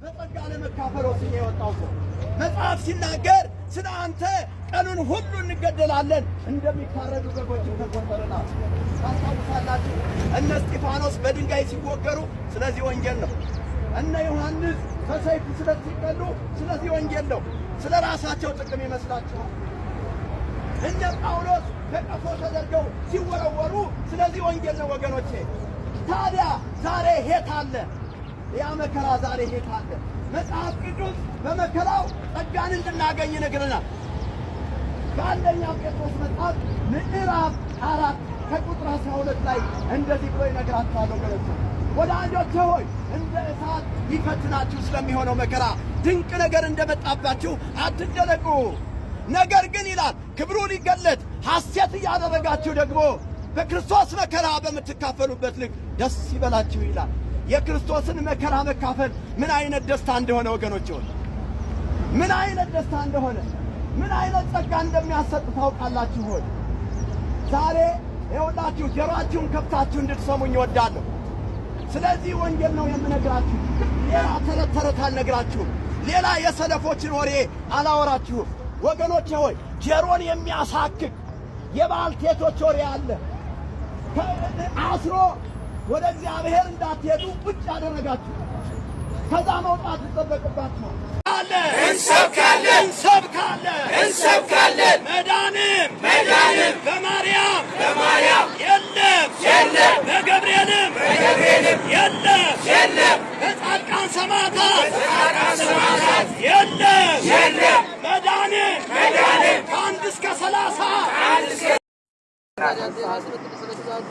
በጸጋ ለመካፈል ወስኜ የወጣው መጽሐፍ ሲናገር ስለ አንተ ቀኑን ሁሉ እንገደላለን እንደሚታረዱ በጎች ተቆጠረናል። ታስታውሳላችሁ? እነ እስጢፋኖስ በድንጋይ ሲወገሩ ስለዚህ ወንጌል ነው። እነ ዮሐንስ በሰይፍ ስለሲቀሉ ስለዚህ ወንጌል ነው። ስለ ራሳቸው ጥቅም ይመስላችኋል? እነ ጳውሎስ ተቀፎ ተደርገው ሲወረወሩ ስለዚህ ወንጌል ነው። ወገኖቼ ታዲያ ዛሬ ሄት አለ ያ መከራ ዛሬ ይሄ ካለ መጽሐፍ ቅዱስ በመከራው ጸጋን እንድናገኝ ይነግረናል። በአንደኛ ጴጥሮስ መጽሐፍ ምዕራፍ አራት ከቁጥር አስራ ሁለት ላይ እንደዚህ ብሎ ይነግራችኋለሁ። ገለጽ ወዳጆቼ ሆይ እንደ እሳት ይፈትናችሁ ስለሚሆነው መከራ ድንቅ ነገር እንደመጣባችሁ አትደነቁ። ነገር ግን ይላል ክብሩ ሊገለጥ ሐሴት እያደረጋችሁ ደግሞ በክርስቶስ መከራ በምትካፈሉበት ልክ ደስ ይበላችሁ ይላል። የክርስቶስን መከራ መካፈል ምን አይነት ደስታ እንደሆነ ወገኖች ሆይ ምን አይነት ደስታ እንደሆነ ምን አይነት ጸጋ እንደሚያሰጥ ታውቃላችሁ ሆይ? ዛሬ የወጣችሁ ጀሯችሁን ከፍታችሁ እንድትሰሙኝ እወዳለሁ። ስለዚህ ወንጌል ነው የምነግራችሁ። ሌላ ተረት ተረት አልነግራችሁም። ሌላ የሰለፎችን ወሬ አላወራችሁም። ወገኖቼ ሆይ ጀሮን የሚያሳክክ የባልቴቶች ወሬ አለ አስሮ ወደ እግዚአብሔር እንዳትሄዱ ቁጭ ያደረጋችሁ ከዛ መውጣት ይጠበቅባችኋል። እንሰብካለን እንሰብካለን እንሰብካለን መዳንም መዳንም በማርያም በማርያም የለም የለም በገብርኤልም በገብርኤልም የለም የለም በጻድቃን ሰማዕታት በጻድቃን ሰማዕታት የለም የለም መዳንም መዳንም ከአንድ እስከ ሰላሳ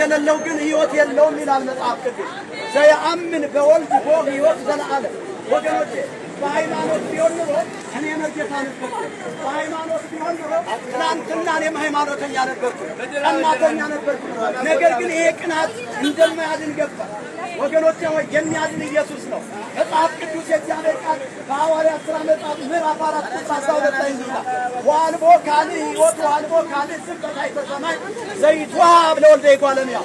የሌለው ግን ህይወት የለውም ይላል መጽሐፍ ቅዱስ። ዘየአምን በወልድ ቦ ህይወት ዘለዓለም። ወገኖቼ በሃይማኖት ቢሆን ኑሮ እኔ ነው ጌታ ንፈ በሃይማኖት ቢሆን ኑሮ እኔም ሃይማኖተኛ ነበርኩ፣ ቀናተኛ ነበርኩ። ነገር ግን ይሄ ቅናት እንደማያድን ገባ። ወገኖች የሚያድን ኢየሱስ ነው። መጽሐፍ ቅዱስ የእግዚአብሔር ቃል በሐዋርያት ሥራ መጽሐፍ ምዕራፍ አራት ቁጥር አስራ ሁለት ላይ ይላል ዋልቦ ካልዕ ሕይወት ዋልቦ ካልዕ ዝም አይተሰማይ ሰማይ ዘይትወሀብ ለወልደ ይጓለም ያው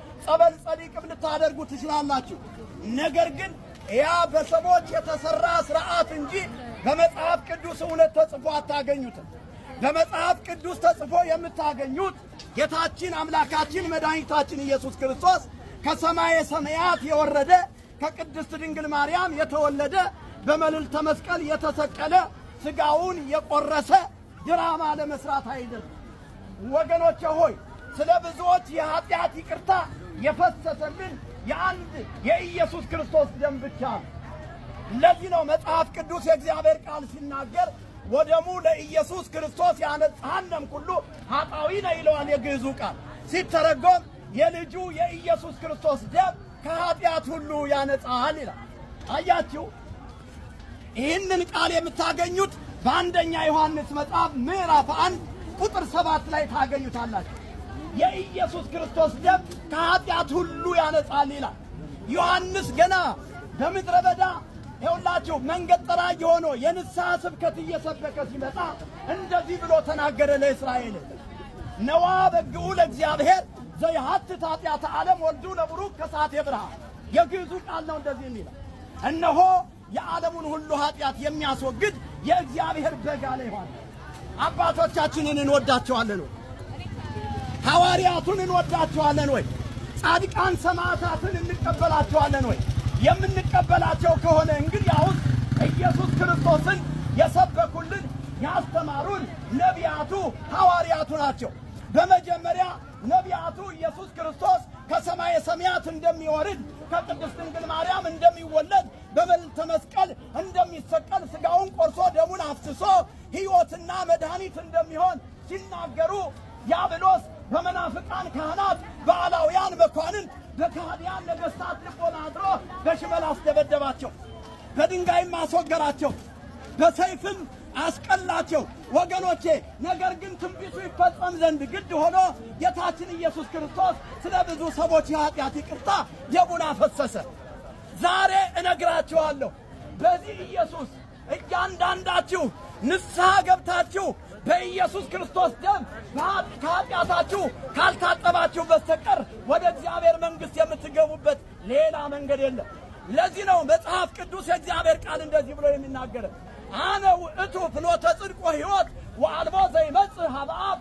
ጸበል ጸዲቅም ልታደርጉ ትችላላችሁ። ነገር ግን ያ በሰዎች የተሰራ ስርዓት እንጂ በመጽሐፍ ቅዱስ እውነት ተጽፎ አታገኙትም። በመጽሐፍ ቅዱስ ተጽፎ የምታገኙት ጌታችን አምላካችን መድኃኒታችን ኢየሱስ ክርስቶስ ከሰማየ ሰማያት የወረደ ከቅድስት ድንግል ማርያም የተወለደ በመልዕልተ መስቀል የተሰቀለ ሥጋውን የቆረሰ ድራማ ለመስራት አይደለም። ወገኖቼ ሆይ ስለ ብዙዎች የኃጢአት ይቅርታ የፈሰሰልን የአንድ የኢየሱስ ክርስቶስ ደም ብቻ ነው። ለዚህ ነው መጽሐፍ ቅዱስ የእግዚአብሔር ቃል ሲናገር ወደሙ ለኢየሱስ ክርስቶስ ያነጽሐን ደም ሁሉ ኃጣዊ ነው ይለዋል የግዕዙ ቃል ሲተረጎም የልጁ የኢየሱስ ክርስቶስ ደም ከኃጢአት ሁሉ ያነጻሃል ይላል። አያችሁ፣ ይህንን ቃል የምታገኙት በአንደኛ ዮሐንስ መጽሐፍ ምዕራፍ አንድ ቁጥር ሰባት ላይ ታገኙታላችሁ። የኢየሱስ ክርስቶስ ደም ከኃጢአት ሁሉ ያነጻል ይላል ዮሐንስ ገና በምድረ በዳ ይኸውላችሁ መንገድ ጠራጊ ሆኖ የንስሐ ስብከት እየሰበከ ሲመጣ እንደዚህ ብሎ ተናገረ ለእስራኤል ነዋ በግዑ ለእግዚአብሔር ዘይሐትት ኃጢአተ ዓለም ወልዱ ለቡሩክ ከሰዓት የብርሃን የግዕዙ ቃል ነው እንደዚህ የሚለው እነሆ የዓለሙን ሁሉ ኃጢአት የሚያስወግድ የእግዚአብሔር በግ አለ ይኋል አባቶቻችንን እንወዳቸዋለን ሐዋርያቱን እንወዳቸዋለን ወይ? ጻድቃን ሰማዕታትን እንቀበላቸዋለን ወይ? የምንቀበላቸው ከሆነ እንግዲህ አሁን ኢየሱስ ክርስቶስን የሰበኩልን ያስተማሩን ነቢያቱ ሐዋርያቱ ናቸው። በመጀመሪያ ነቢያቱ ኢየሱስ ክርስቶስ ከሰማየ ሰማያት እንደሚወርድ ከቅድስት ድንግል ማርያም እንደሚወለድ በመልዕልተ መስቀል እንደሚሰቀል ስጋውን ቆርሶ ደሙን አፍስሶ ሕይወትና መድኃኒት እንደሚሆን ሲናገሩ ዲያብሎስ በመናፍቃን ካህናት፣ በአላውያን መኳንን፣ በካህዲያን ነገሥታት ልቦና አድሮ በሽመል አስደበደባቸው፣ በድንጋይም አስወገራቸው፣ በሰይፍም አስቀላቸው። ወገኖቼ ነገር ግን ትንቢቱ ይፈጸም ዘንድ ግድ ሆኖ ጌታችን ኢየሱስ ክርስቶስ ስለ ብዙ ሰዎች የኃጢአት ይቅርታ ደሙን አፈሰሰ። ዛሬ እነግራችኋለሁ በዚህ ኢየሱስ እያንዳንዳችሁ ንስሐ ገብታችሁ በኢየሱስ ክርስቶስ ደም ከኃጢአታችሁ ካልታጠባችሁ በስተቀር ወደ እግዚአብሔር መንግሥት የምትገቡበት ሌላ መንገድ የለም። ለዚህ ነው መጽሐፍ ቅዱስ የእግዚአብሔር ቃል እንደዚህ ብሎ የሚናገረ አነ ውእቱ ፍኖተ ጽድቅ ወሕይወት ወአልቦ ዘይመጽእ ሀብአብ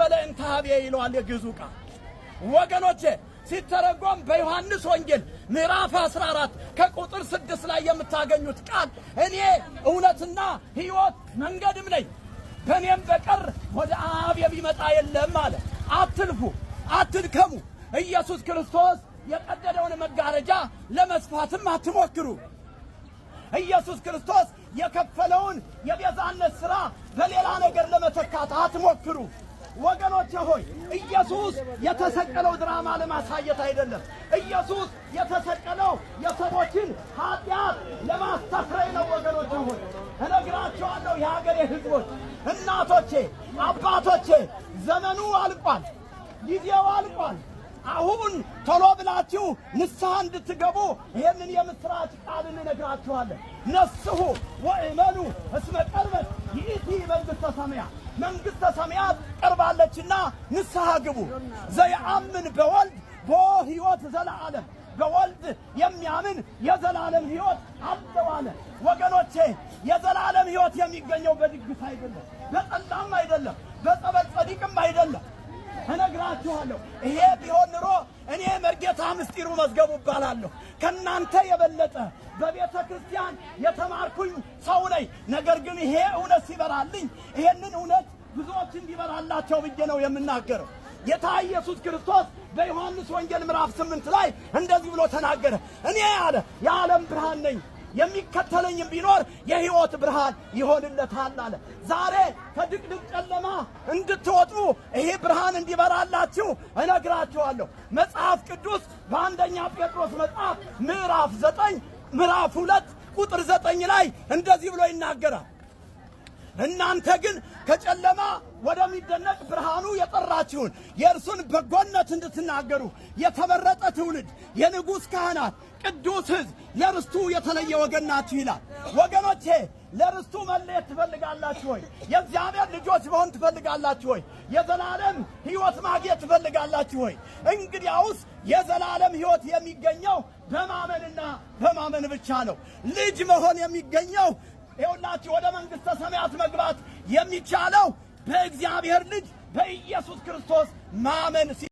አብ እንተ ኀቤየ ይለዋል የግዕዙ ቃል። ወገኖቼ ሲተረጎም በዮሐንስ ወንጌል ምዕራፍ 14 ከቁጥር ስድስት ላይ የምታገኙት ቃል እኔ እውነትና ሕይወት መንገድም ነኝ ከእኔም በቀር ወደ አብ የሚመጣ የለም አለ። አትልፉ፣ አትድከሙ። ኢየሱስ ክርስቶስ የቀደደውን መጋረጃ ለመስፋትም አትሞክሩ። ኢየሱስ ክርስቶስ የከፈለውን የቤዛነት ሥራ በሌላ ነገር ለመተካት አትሞክሩ። ወገኖቼ ሆይ ኢየሱስ የተሰቀለው ድራማ ለማሳየት አይደለም። ኢየሱስ የተሰቀለው የሰዎች አሁን ቶሎ ብላችሁ ንስሐ እንድትገቡ ይህንን የምሥራች ቃልን እነግራችኋለሁ። ነስሑ ወእመኑ እስመ ቀርበት ይእቲ መንግሥተ ሰማያት፣ መንግሥተ ሰማያት ቀርባለችና ንስሐ ግቡ። ዘየአምን በወልድ ቦ ሕይወት ዘለዓለም በወልድ የሚያምን የዘላለም ሕይወት አለው አለ። ወገኖቼ የዘላለም ሕይወት የሚገኘው በድግስ አይደለም፣ በጠላም አይደለም፣ በጸበል ጸዲቅም አይደለም እነግራችኋለሁ። ይሄ ቢሆን ኑሮ እኔ መርጌታ ምስጢሩ መዝገቡ እባላለሁ። ከእናንተ የበለጠ በቤተ ክርስቲያን የተማርኩኝ ሰው ነኝ። ነገር ግን ይሄ እውነት ሲበራልኝ ይሄንን እውነት ብዙዎች እንዲበራላቸው ብዬ ነው የምናገረው። ጌታ ኢየሱስ ክርስቶስ በዮሐንስ ወንጌል ምዕራፍ ስምንት ላይ እንደዚህ ብሎ ተናገረ። እኔ ያለ የዓለም ብርሃን ነኝ የሚከተለኝም ቢኖር የሕይወት ብርሃን ይሆንለታል አለ። ዛሬ ከድቅድቅ ጨለማ እንድትወጡ ይሄ ብርሃን እንዲበራላችሁ እነግራችኋለሁ። መጽሐፍ ቅዱስ በአንደኛ ጴጥሮስ መጽሐፍ ምዕራፍ ዘጠኝ ምዕራፍ ሁለት ቁጥር ዘጠኝ ላይ እንደዚህ ብሎ ይናገራል። እናንተ ግን ከጨለማ ወደሚደነቅ ብርሃኑ የጠራችሁን የእርሱን በጎነት እንድትናገሩ የተመረጠ ትውልድ፣ የንጉሥ ካህናት፣ ቅዱስ ሕዝብ፣ ለርስቱ የተለየ ወገን ናችሁ ይላል። ወገኖቼ ለርስቱ መለየት ትፈልጋላችሁ ወይ? የእግዚአብሔር ልጆች መሆን ትፈልጋላችሁ ወይ? የዘላለም ሕይወት ማግኘት ትፈልጋላችሁ ወይ? እንግዲያውስ የዘላለም ሕይወት የሚገኘው በማመንና በማመን ብቻ ነው። ልጅ መሆን የሚገኘው ይኸውላችሁ ወደ መንግሥተ ሰማያት መግባት የሚቻለው በእግዚአብሔር ልጅ በኢየሱስ ክርስቶስ ማመን